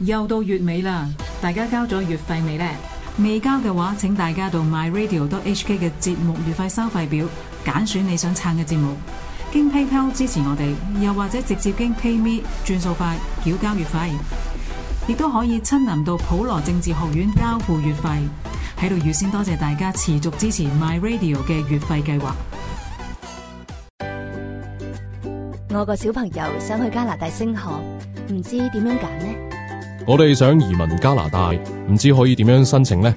又到月尾啦，大家交咗月費未呢？未交嘅話，請大家到 MyRadio.hk 嘅節目月費收費表揀選你想撐嘅節目，經 PayPal 支持我哋，又或者直接經 PayMe 轉數快繳交月費，亦都可以親臨到普羅政治學院交付月費。喺度預先多謝大家持續支持 My Radio 嘅月費計劃。我個小朋友想去加拿大升學，唔知點樣揀呢？我哋想移民加拿大，唔知可以點樣申請呢？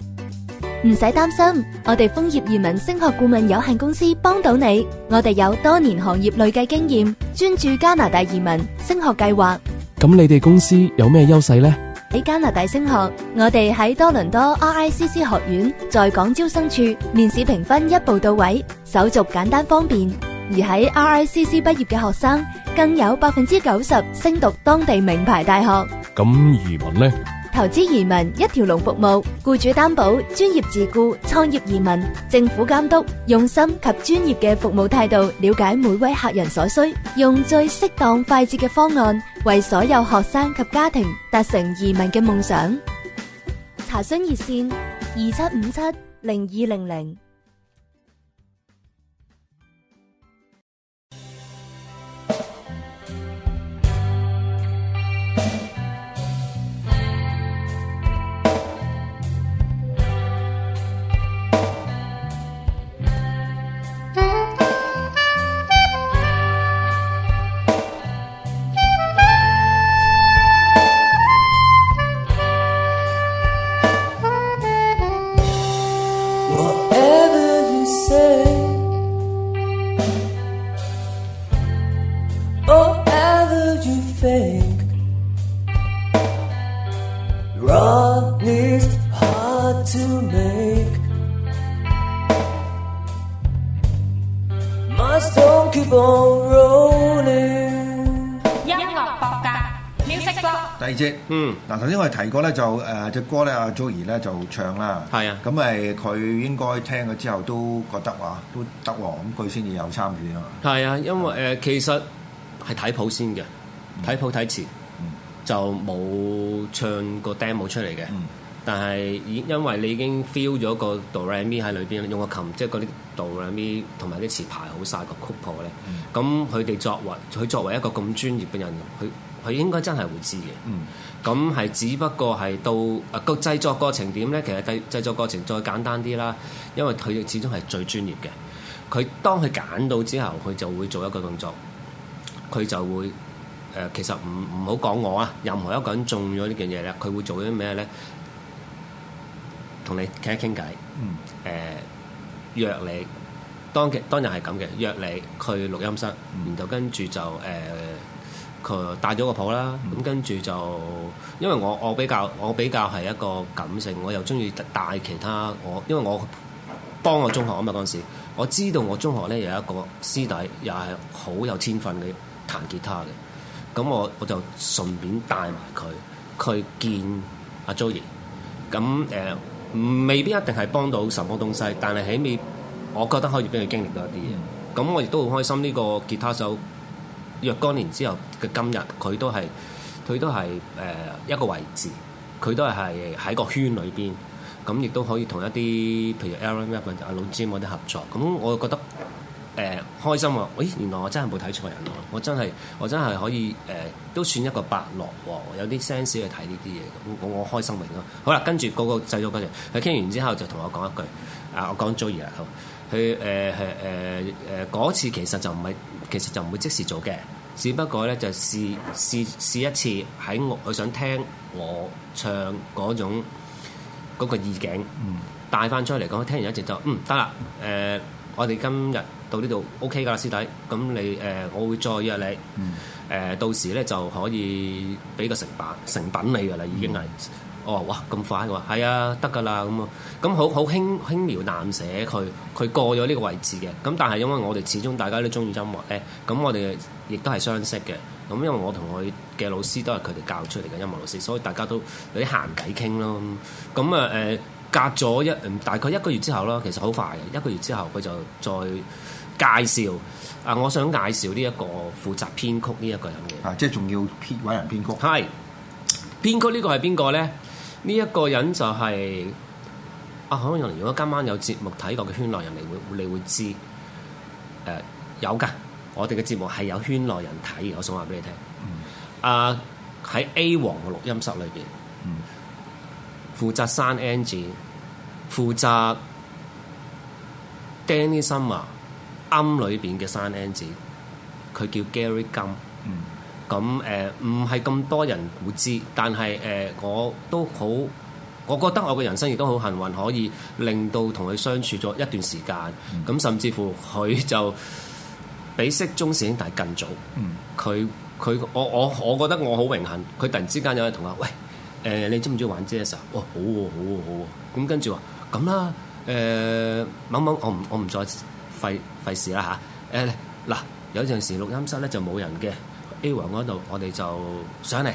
唔使擔心，我哋楓葉移民升學顧問有限公司幫到你。我哋有多年行業累計經驗，專注加拿大移民升學計劃。咁你哋公司有咩優勢呢？喺加拿大升學，我哋喺多倫多 RICC 學院在港招生處面試評分一步到位，手續簡單方便。而喺 RICC 畢業嘅學生，更有百分之九十升讀當地名牌大學。咁移民呢？投資移民一條龍服務，僱主擔保、專業自僱、創業移民、政府監督，用心及專業嘅服務態度，了解每位客人所需，用最適當、快捷嘅方案，為所有學生及家庭達成移民嘅夢想。查詢熱線：二七五七零二零零。嗱，頭先我哋提過咧，就誒隻、呃、歌咧，阿 Joey 咧就唱啦。係啊，咁咪佢應該聽咗之後都覺得話都得喎，咁佢先至有參與啊嘛。係啊，因為誒、呃、其實係睇譜先嘅，睇、嗯、譜睇詞，嗯、就冇唱個 demo 出嚟嘅。嗯、但係已因為你已經 feel 咗個 do re mi 喺裏邊，用個琴即係嗰啲 do re mi 同埋啲詞排好晒個曲譜咧。嗯。咁佢哋作為佢作為一個咁專業嘅人，佢。佢應該真係會知嘅，咁係、嗯、只不過係到個、呃、製作過程點咧？其實製製作過程再簡單啲啦，因為佢哋始終係最專業嘅。佢當佢揀到之後，佢就會做一個動作，佢就會誒、呃。其實唔唔好講我啊，任何一個人中咗呢件嘢咧，佢會做啲咩咧？同你傾一傾偈，誒約你當嘅當日係咁嘅，約你去錄音室，然後跟住就誒。呃佢帶咗個譜啦，咁跟住就因為我我比較我比較係一個感性，我又中意帶其他我，因為我幫我中學啊嘛嗰陣時，我知道我中學咧有一個師弟，又係好有天分嘅彈吉他嘅，咁我我就順便帶埋佢，去見阿 Joey，咁誒、呃、未必一定係幫到什麼東西，但係起碼，我覺得可以俾佢經歷到一啲嘢，咁我亦都好開心呢個吉他手。若干年之後嘅今日，佢都係佢都係誒一個位置，佢都係喺個圈裏邊，咁亦都可以同一啲譬如 Aaron、阿老 Jim 嗰啲合作，咁我覺得誒開心喎！誒原來我真係冇睇錯人喎！我真係我真係可以誒，都算一個伯樂喎！有啲 sense 去睇呢啲嘢，咁我開心明咯！好啦，跟住嗰個製作嗰陣，佢傾完之後就同我講一句：啊，我講 Joey，佢誒誒誒嗰次其實就唔係。其實就唔會即時做嘅，只不過咧就試試試一次喺我佢想聽我唱嗰種嗰、嗰個意境、嗯、帶翻出嚟，咁聽完一直就嗯得啦，誒、呃、我哋今日到呢度 OK 㗎啦，師弟，咁你誒、呃、我會再約你，誒、嗯呃、到時咧就可以俾個成品成品你㗎啦，已經係。嗯哦，哇，咁快喎，係啊，得㗎啦，咁啊，咁好好輕輕描淡寫佢，佢過咗呢個位置嘅，咁但係因為我哋始終大家都中意音樂咧，咁我哋亦都係相識嘅，咁因為我同佢嘅老師都係佢哋教出嚟嘅音樂老師，所以大家都有啲閒偈傾咯。咁啊誒，隔咗一大概一個月之後啦，其實好快嘅，一個月之後佢就再介紹啊、呃，我想介紹呢、這、一個負責編曲呢一個人嘅，啊，即係仲要編揾人編曲，係編曲個呢個係邊個咧？呢一個人就係阿可能如果今晚有節目睇過嘅圈內人嚟，你會你會知。誒、呃、有嘅，我哋嘅節目係有圈內人睇，我想話俾你聽。嗯、啊，喺 A 王嘅錄音室裏邊，嗯，負責山 Angie，負責 Danny Summer 暗裏邊嘅山 Angie，佢叫 Gary 金、嗯。咁誒唔係咁多人估知，但係誒、呃、我都好，我覺得我嘅人生亦都好幸運，可以令到同佢相處咗一段時間。咁甚至乎佢就比息中時影帝更早。佢佢我我我覺得我好榮幸，佢突然之間有位同學，喂誒、呃，你中唔中意玩 Jazz 嘅時候：「哦，好喎、啊，好喎、啊，好喎、啊。咁、啊、跟住話咁啦誒，某某我唔我唔再費費事啦嚇誒嗱。有陣時錄音室咧就冇人嘅。A 王嗰度，我哋就上嚟，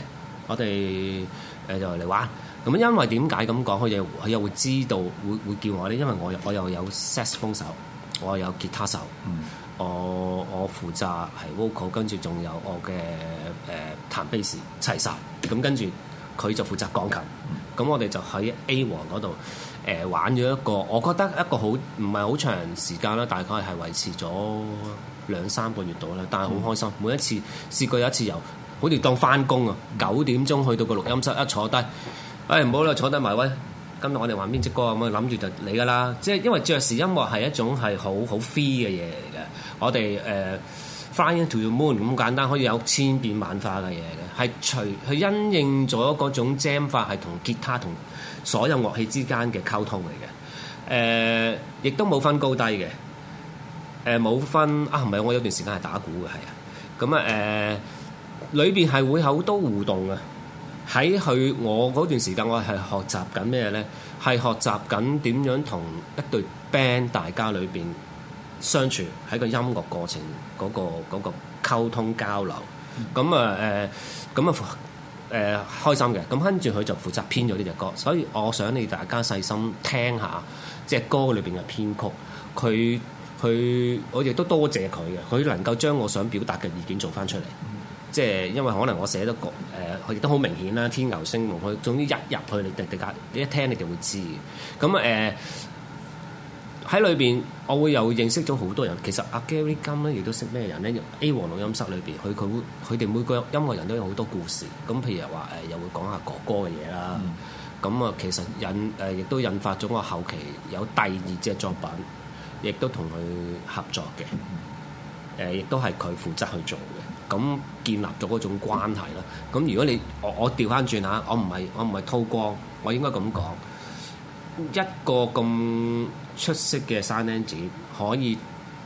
我哋誒就嚟玩。咁因為點解咁講？佢又佢又會知道，會會叫我咧。因為我我又有 sax 風手，我有吉他手，我我負責係 vocal，跟住仲有我嘅誒、呃、彈 bass 齊曬。咁跟住佢就負責鋼琴。咁我哋就喺 A 王嗰度誒玩咗一個，我覺得一個好唔係好長時間啦，大概係維持咗。兩三個月到啦，但係好開心。嗯、每一次試過有一次由，好似當返工啊！九點鐘去到個錄音室一坐低，誒唔好啦，坐低埋位。今日我哋玩邊隻歌啊？咁諗住就嚟㗎啦。即係因為爵士音樂係一種係好好 free 嘅嘢嚟嘅。我哋，誒，Fly Me To The Moon 咁簡單，可以有千變萬化嘅嘢嘅。係除，佢因應咗嗰種 jam 法係同吉他同所有樂器之間嘅溝通嚟嘅。誒、呃、亦都冇分高低嘅。誒冇分啊，唔係我有段時間係打鼓嘅，係啊，咁啊誒，裏邊係會好多互動啊。喺佢我嗰段時間，我係學習緊咩咧？係學習緊點樣同一隊 band 大家裏邊相處喺個音樂過程嗰個嗰個溝通交流。咁啊誒，咁啊誒開心嘅。咁跟住佢就負責編咗呢隻歌，所以我想你大家細心聽下，隻歌裏邊嘅編曲佢。佢我亦都多謝佢嘅，佢能夠將我想表達嘅意見做翻出嚟，即係因為可能我寫得誒，佢、呃、亦都好明顯啦。天牛星夢，佢總之一入去你定定你，你一聽你就會知。咁誒喺裏邊，我會又，又認識咗好多人。其實阿 Gary 金咧亦都識咩人咧？A 和錄音室裏邊，佢佢佢哋每個音樂人都有好多故事。咁譬如話誒、呃，又會講下哥哥嘅嘢啦。咁啊、嗯呃，其實引誒亦、呃、都引發咗我後期有第二隻作品。亦都同佢合作嘅，誒、呃，亦都係佢負責去做嘅，咁建立咗嗰種關係啦。咁如果你我我調翻轉嚇，我唔係我唔係韜光，我應該咁講，一個咁出色嘅山頂子可以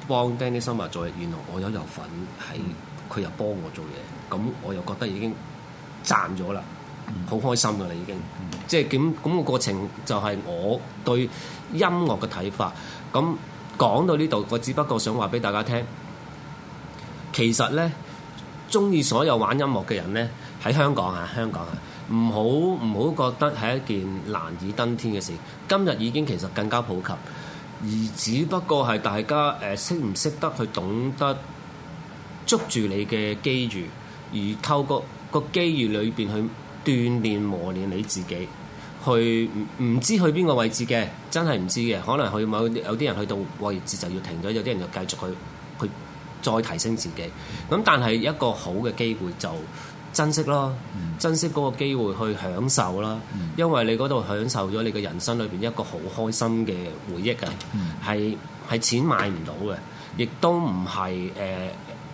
幫 Danny Summer 做嘢，原來我有有份係佢又幫我做嘢，咁我又覺得已經賺咗啦，好、嗯、開心啊！已、嗯、經，嗯、即係點咁個過程就係我對音樂嘅睇法咁。講到呢度，我只不過想話俾大家聽，其實呢，鍾意所有玩音樂嘅人呢，喺香港啊，香港啊，唔好唔好覺得係一件難以登天嘅事。今日已經其實更加普及，而只不過係大家誒、呃、識唔識得去懂得捉住你嘅機遇，而透過個機遇裏邊去鍛鍊磨練你自己。去唔知去邊個位置嘅，真係唔知嘅。可能去某有啲人去到位置就要停咗，有啲人就繼續去去再提升自己。咁但係一個好嘅機會就珍惜咯，珍惜嗰個機會去享受啦。因為你嗰度享受咗你嘅人生裏邊一個好開心嘅回憶啊，係係錢買唔到嘅，亦都唔係誒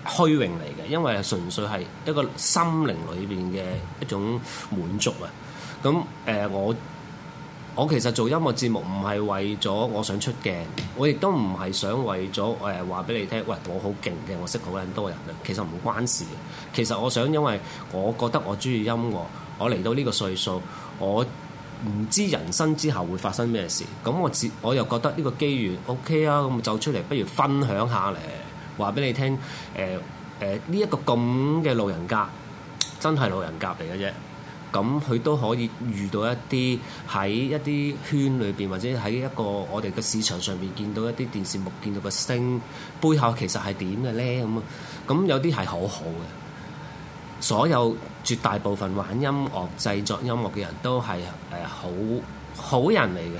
虛榮嚟嘅，因為純粹係一個心靈裏邊嘅一種滿足啊。咁誒、呃、我我其實做音樂節目唔係為咗我想出鏡，我亦都唔係想為咗誒話俾你聽，喂我好勁嘅，我，我識好多人啊，其實唔關事嘅。其實我想，因為我覺得我中意音樂，我嚟到呢個歲數，我唔知人生之後會發生咩事。咁我自我又覺得呢個機緣 O K 啊，咁走出嚟不如分享下咧，話俾你聽。誒誒呢一個咁嘅老人家，真係老人家嚟嘅啫。咁佢都可以遇到一啲喺一啲圈裏邊或者喺一個我哋嘅市場上面見到一啲電視目見到嘅星，背後其實係點嘅咧？咁啊，咁有啲係好好嘅。所有絕大部分玩音樂製作音樂嘅人都，都係誒好好人嚟嘅。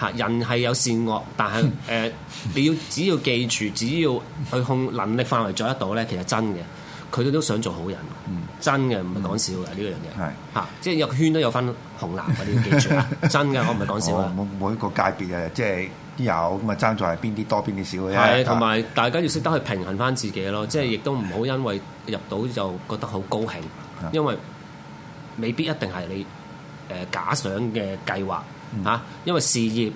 吓，人係有善惡，但係誒、 呃、你要只要記住，只要去控能力範圍做得到咧，其實真嘅。佢哋都想做好人，嗯、真嘅唔係講笑嘅呢、嗯、樣嘢。嚇是、啊，即係入圈都有分紅藍嘅， 你要記住啊！真嘅，我唔係講笑啊！每一個界別誒，即係有咁啊，爭在係邊啲多，邊啲少嘅。係同埋大家要識得去平衡返自己咯，嗯、即係亦都唔好因為入到就覺得好高興，嗯、因為未必一定係你誒、呃、假想嘅計劃嚇、啊。因為事業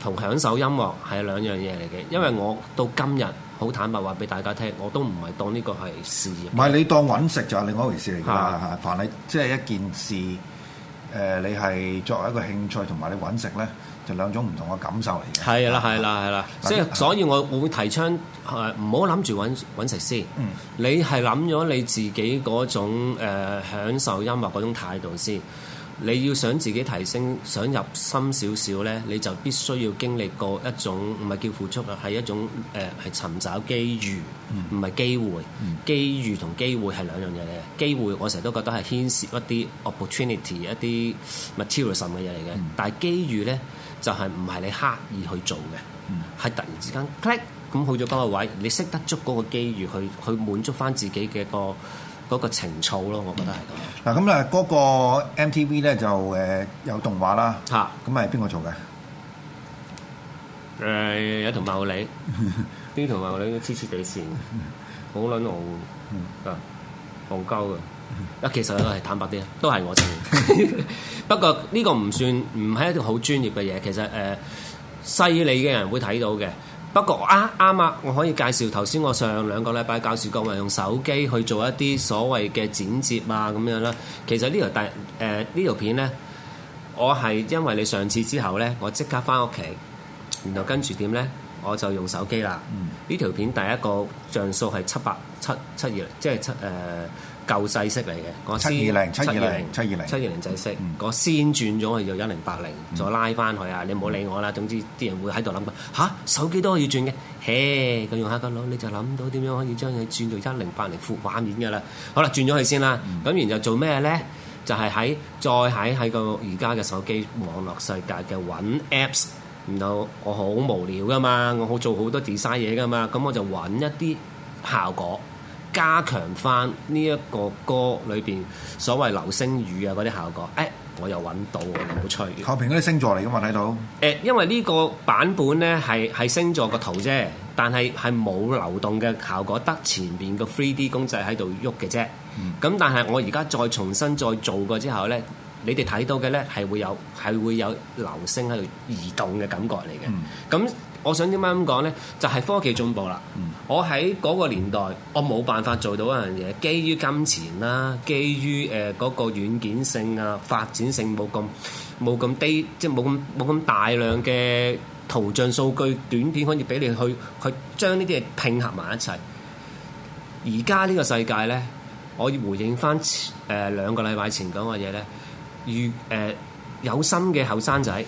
同享受音樂係兩樣嘢嚟嘅。因為我到今日。好坦白話俾大家聽，我都唔係當呢個係事業。唔係，你當揾食就係另外一回事嚟㗎嘛。你的凡係即係一件事，誒、呃、你係作為一個興趣同埋你揾食咧，就兩種唔同嘅感受嚟嘅。係啦，係啦，係啦。即係所以，我會提倡係唔好諗住揾揾食先。嗯，你係諗咗你自己嗰種、呃、享受音樂嗰種態度先。你要想自己提升，想入深少少咧，你就必須要經歷過一種唔係叫付出啊，係一種誒係、呃、尋找機遇，唔係機會。機、嗯、遇同機會係兩樣嘢嚟嘅。機會，我成日都覺得係牽涉一啲 opportunity 一、一啲 materialism 嘅嘢嚟嘅，但係機遇咧就係唔係你刻意去做嘅，係、嗯、突然之間 click 咁去咗嗰個位，你識得捉嗰個機遇去去滿足翻自己嘅、那個。嗰個情操咯，我覺得係咁。嗱，咁咧嗰個 MTV 咧就誒有動畫啦，咁係邊個做嘅？誒有條貓女，呢條貓女黐黐地線，好卵戇，啊，戇鳩嘅。啊，其實我係 坦白啲，都係我整。 不過呢個唔算唔係一條好專業嘅嘢，其實誒犀利嘅人會睇到嘅。不過，啱、啊、啱啊，啊，我可以介紹頭先我上兩個禮拜教示各位用手機去做一啲所謂嘅剪接啊，咁樣啦。其實條、呃、條片呢條大誒呢條片呢，我係因為你上次之後呢，我即刻翻屋企，然後跟住點呢，我就用手機啦。呢條、嗯、片第一個像素係七百七七二，即係七誒。呃舊細息嚟嘅，我七二零七二零七二零七二零制式，我、嗯、先轉咗去，、嗯、去，就一零八零，再拉翻去啊！你唔好理我啦，總之啲人會喺度諗㗎。嚇、啊、手機都可以轉嘅，嘿咁用下個腦你就諗到點樣可以將佢轉到一零八零副畫面㗎啦。好啦，轉咗去先啦，咁、嗯、然之後做咩咧？就係喺再喺喺個而家嘅手機網絡世界嘅揾 Apps，然後我好無聊㗎嘛，我好做好多 design 嘢㗎嘛，咁我，我就揾一啲效果。加強翻呢一個歌裏邊所謂流星雨啊嗰啲效果，誒，我又揾到，我又冇吹？後邊啲星座嚟嘅嘛，睇到。誒，因為呢個版本咧係係星座個圖啫，但係係冇流動嘅效果，得前面個 three D 公仔喺度喐嘅啫。咁、嗯、但係我而家再重新再做過之後咧，你哋睇到嘅咧係會有係會有流星喺度移動嘅感覺嚟嘅。咁、嗯我想點解咁講呢？就係、是、科技進步啦。嗯、我喺嗰個年代，我冇辦法做到一樣嘢，基於金錢啦、啊，基於誒嗰、呃那個軟件性啊，發展性冇咁冇咁低，即係冇咁冇咁大量嘅圖像數據短片，可以俾你去去將呢啲嘢拼合埋一齊。而家呢個世界呢，我要回應翻誒、呃、兩個禮拜前講嘅嘢呢：與誒、呃、有心嘅後生仔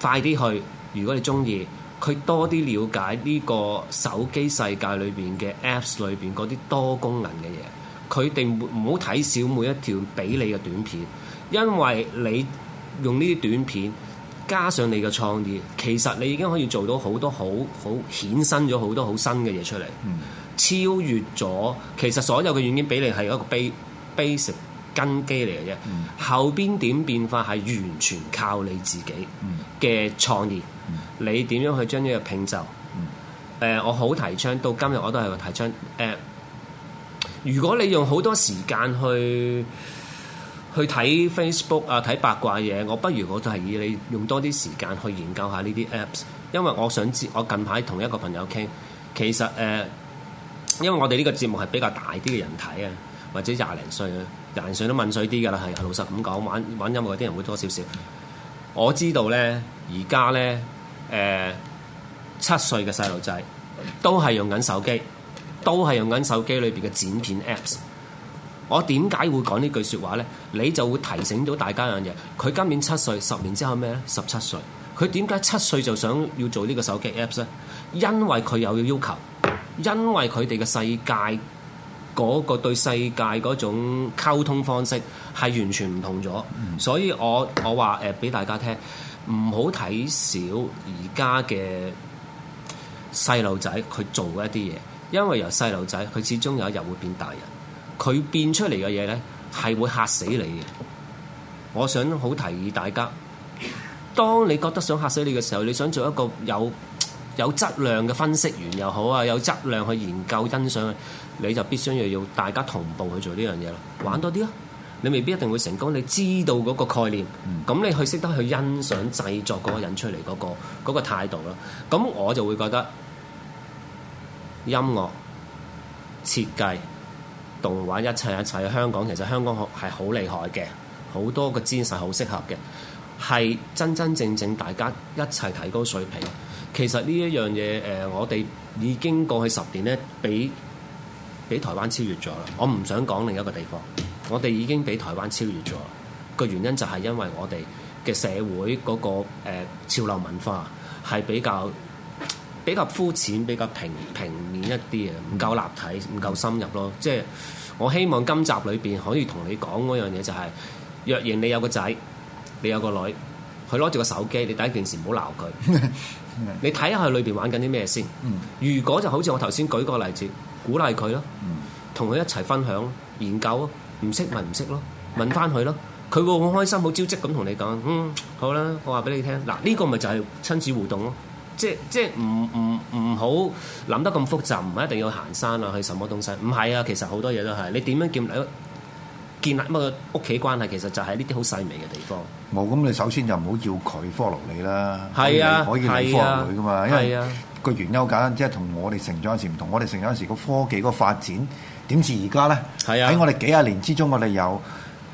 快啲去。如果你中意，佢多啲了解呢個手機世界裏邊嘅 Apps 裏邊嗰啲多功能嘅嘢，佢哋唔好睇少每一條俾你嘅短片，因為你用呢啲短片加上你嘅創意，其實你已經可以做到好多好好衍生咗好多好新嘅嘢出嚟，嗯、超越咗其實所有嘅軟件俾你係一個 basic 根基嚟嘅啫，嗯、後邊點變化係完全靠你自己嘅創意。你點樣去將呢個拼就？誒、嗯呃，我好提倡，到今日我都係個提倡。誒、呃，如果你用好多時間去去睇 Facebook 啊，睇八卦嘢，我不如我都係以你用多啲時間去研究下呢啲 Apps，因為我想知，我近排同一個朋友傾，其實誒、呃，因為我哋呢個節目係比較大啲嘅人睇啊，或者廿零歲，廿零歲都問水啲㗎啦，係老實咁講，玩玩音樂啲人會多少少。我知道咧，而家咧。誒、呃、七歲嘅細路仔都係用緊手機，都係用緊手機裏邊嘅剪片 Apps。我點解會講呢句説話呢？你就會提醒到大家一樣嘢。佢今年七歲，十年之後咩咧？十七歲。佢點解七歲就想要做呢個手機 Apps 呢？因為佢有要求，因為佢哋嘅世界嗰、那個對世界嗰種溝通方式係完全唔同咗。所以我我話誒俾大家聽。唔好睇小而家嘅細路仔佢做一啲嘢，因為由細路仔佢始終有一日會變大人，佢變出嚟嘅嘢呢，係會嚇死你嘅。我想好提議大家，當你覺得想嚇死你嘅時候，你想做一個有有質量嘅分析員又好啊，有質量去研究欣賞，你就必須要要大家同步去做呢樣嘢啦，玩多啲咯啊。你未必一定會成功。你知道嗰個概念，咁、嗯、你去識得去欣賞製作嗰個人出嚟嗰、嗰個嗰、嗰個、態度咯。咁我就會覺得音樂、設計、動畫一切一切，香港其實香港係好厲害嘅，好多個資質好適合嘅，係真真正正大家一齊提高水平。其實呢一樣嘢，誒、呃，我哋已經過去十年咧，畀畀台灣超越咗啦。我唔想講另一個地方。我哋已經俾台灣超越咗，個原因就係因為我哋嘅社會嗰、嗰個、呃、潮流文化係比較比較膚淺、比較平平面一啲嘅，唔夠立體、唔夠深入咯。即係我希望今集裏邊可以同你講嗰樣嘢、就係，就係若然你有個仔，你有個女，佢攞住個手機，你第一件事唔好鬧佢， 你睇下佢裏邊玩緊啲咩先。如果就好似我頭先舉個例子，鼓勵佢咯，同佢一齊分享、研究咯。唔識咪唔識咯，問翻佢咯。佢會好開心、好招積咁同你講，嗯，好啦，我話俾你聽，嗱呢個咪就係親子互動咯。即即唔唔唔好諗得咁複雜，唔一定要行山啊，去什麼東西。唔係啊，其實好多嘢都係你點樣建立建立乜嘢屋企關係，其實就係呢啲好細微嘅地方。冇咁你首先就唔好要佢 follow 你啦，可以嚟 follow 佢噶嘛。因為個原因簡單，即係同我哋成長時唔同，我哋成長時個科技個發展。點似而家咧？係啊，喺我哋幾廿年之中，我哋有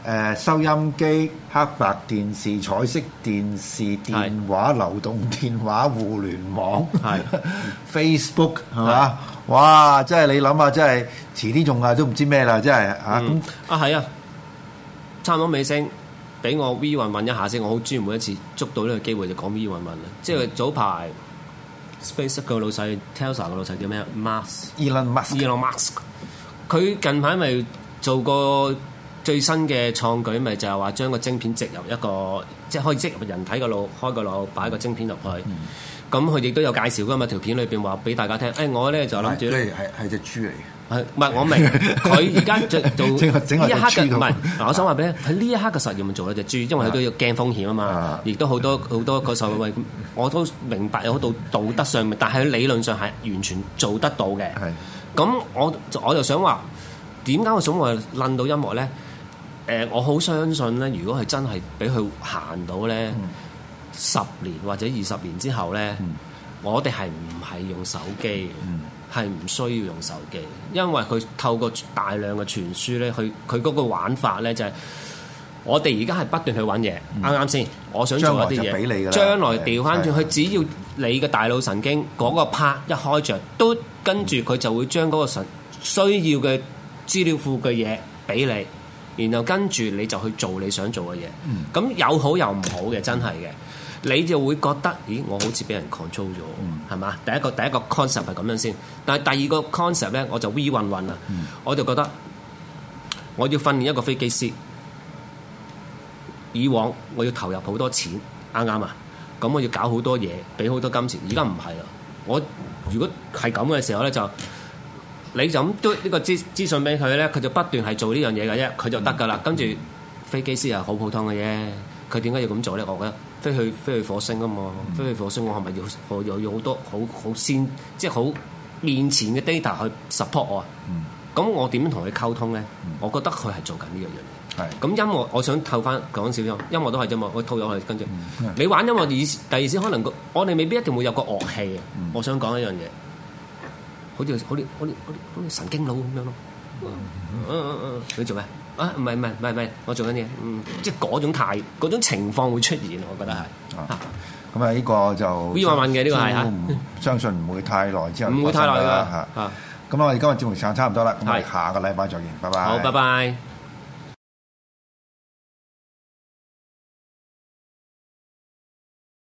誒收音機、黑白電視、彩色電視、電話、流動電話、互聯網、Facebook 係嘛？哇！即係你諗下，真係遲啲仲啊，都唔知咩啦！真係啊，啊係啊，差唔多尾聲，俾我 V 運問一下先，我好專門一次捉到呢個機會就講 V 運問啦。即係早排 SpaceX 個老細 Tesla 個老細叫咩？Mask 佢近排咪做過最新嘅創舉，咪就係話將個晶片植入一個即係可以植入人體個腦，開個腦擺個晶片入去。咁佢亦都有介紹噶嘛，條片裏邊話俾大家聽。誒、欸，我咧就諗住係係隻豬嚟嘅。係唔係我明佢而家做呢一刻嘅唔係？嗱，我想話俾你，喺呢一刻嘅實驗咪做咗隻豬，因為佢都要驚風險啊嘛。亦都好多好多個受會位，我都明白有好多道德上面，但係喺理論上係完，完全做得到嘅。係。咁我我就想話，點解我想話論到音樂呢？誒、呃，我好相信呢，如果係真係俾佢行到呢，嗯、十年或者二十年之後呢，嗯、我哋係唔係用手機？係唔、嗯、需要用手機，因為佢透過大量嘅傳輸呢，佢佢嗰個玩法呢，就係、是，我哋而家係不斷去揾嘢。啱啱先？我想做一啲嘢。將來掉翻轉，去，的只要你嘅大腦神經嗰個拍一開着。嘟。跟住佢就會將嗰個需要嘅資料庫嘅嘢俾你，然後跟住你就去做你想做嘅嘢。咁、嗯、有好有唔好嘅，真係嘅，你就會覺得，咦，我好似俾人 control 咗，係嘛、嗯？第一個第一個 concept 係咁樣先，但係第二個 concept 呢，我就 v 運運啊，嗯、我就覺得我要訓練一個飛機師。以往我要投入好多錢，啱啱啊，咁我要搞好多嘢，俾好多金錢。而家唔係啦，我。如果係咁嘅時候咧，就你就咁堆呢個資資訊俾佢咧，佢就不斷係做、嗯、做呢樣嘢嘅啫，佢就得噶啦。跟住飛機師係，好普通嘅啫，佢點解要咁做咧？我覺得飛去飛去火星啊嘛，飛去火星我係咪要我要有多好多好好先即係好面前嘅 data 去 support 我？嗯咁我點樣同佢溝通咧？我覺得佢係做緊呢樣嘢。係。咁音樂，我想透翻講少少。音樂都係啫嘛，我套咗去跟住。嗯、你玩音樂，第二先可能個，我哋未必一定會有個樂器嘅。嗯、我想講一樣嘢，好似好似好似好似神經佬咁樣咯。嗯、你做咩？啊？唔係唔係唔係我做緊嘢。即係嗰種態，嗰種情況會出現，我覺得係。啊。咁啊？呢個就。要問問嘅呢個係。相信唔會太耐之後。唔會太耐㗎。咁啦，我哋今日節目時間差唔多啦，咁我哋下個禮拜再見，是拜拜。好，拜拜。